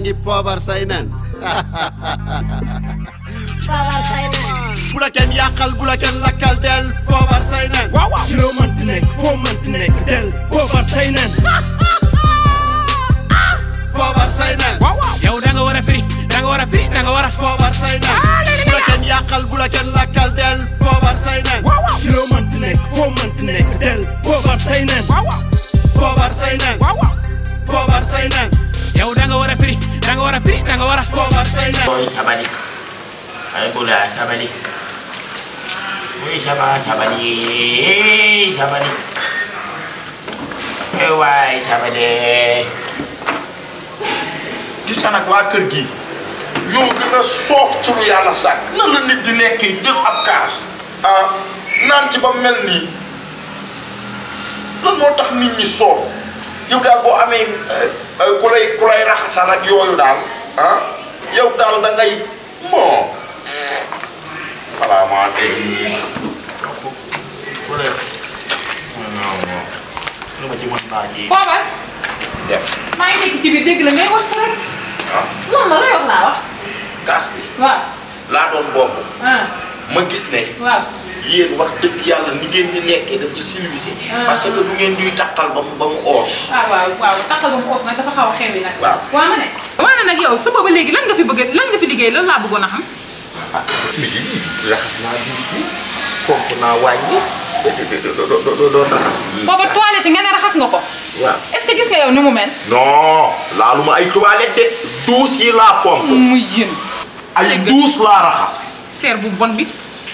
ngi poobar say nen poobar say nen bu la kenn yàqal bu la kenn lakkal del poobar say nen waaw waaw loo mënti nekk foo mënti nekk del poobar say nen poobar say nen waaw waaw yow da nga war a firi da nga war a firi da nga war a poobar say nen bu la kenn yàqal bu la kenn lakkal del poobar say nen waaw waaw loo mënti nekk foo mënti nekk del poobar say nen waaw waaw poobar say nen waaw waaw poobar say nen agora, frita agora. Oi, sabali. Ayo pula, sabali. Oi, sabah, sabali. Sabali. Eh, wai, sabali. Gis nga nag waa kër gi ñoo gën a soof ci lu yàlla sàkk nan la nit di lekkee jël ab kaas ah naan ci ba mel nii lan moo tax nit ñi soof yow daal boo amee ku lay san ak yooyu daal ah yow daal da ngay bon voilà maa ngi booba. def maa la ngay wax rek. ah non non lay laa wax. gaz bi. waaw laa doon ah. ma gis ne. yéen wax dëgg yàlla ni ngeen di lekkee dafa silwise parce que du ngeen ñuy takkal ba mu ba mu oos. ah waaw waaw takkal ba mu oos nag dafa xaw a xewi nag. waaw waaw ma ne. waaw nag yow suba ba léegi lan nga fi bëgg lan nga fi liggéey lan laa bëggoon a xam. ah liggéey raxas naa duus bi pomp naa wàññi doo doon raxas. booba toilette nga ne raxas nga ko. waaw est-ce que gis nga yow ni mu mel. non laaluma ay toilette de duus yi laa pomp. mu yéen. ay duus laa raxas. seer bon bi.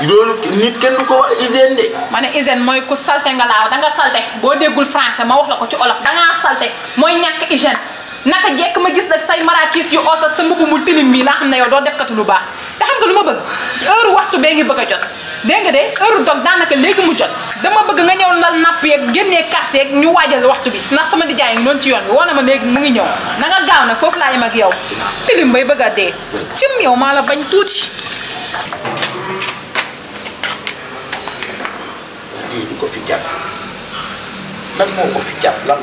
loolu nit kenn du ko wax hygiène de. ma ne hygiène mooy ku salte nga laaw danga salte boo déggul français ma wax la ko ci olof dangaa salte mooy ñàkk hygiène naka jekk ma gis nag say marakis yu oos ak sa mu tilim mii laa xam ne yow doo defkatu lu baax te xam nga ma bëgg heure waxtu bee ngi bëgg a jot. dégg nga de heure dog daanaka léegi mu jot dama bëgg nga ñëw nal napp yeeg génnee kaas yeeg ñu waajal waxtu bi na sama nijaay yi ngi doon ci yoon bi woo ma léegi mu ngi ñëw na nga gaaw na foofu laa yem ak yow tilim bay bëgg a dee cim yow maa la bañ tuuti kii du ko fi jàpp lan moo fi jàpp lan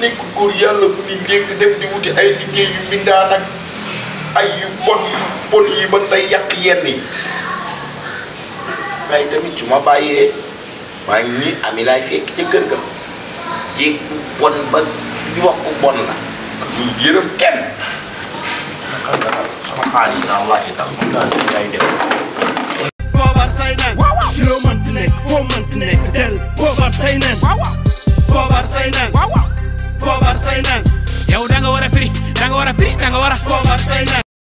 nekk góor yàlla bu ni dem di wuti ay liggéey yu mbindaan ak ay yu bon bon yi ba day yàq yenn yi waaye tamit ma bàyyee maa ngi nii ami ga bu bon ba wax ko bon la du kenn sama xaalis naa wàcc tam mun naa def say nang. Waaw waaw. Foo baar say nang. yow da nga war a firi da nga war a firi da say nang.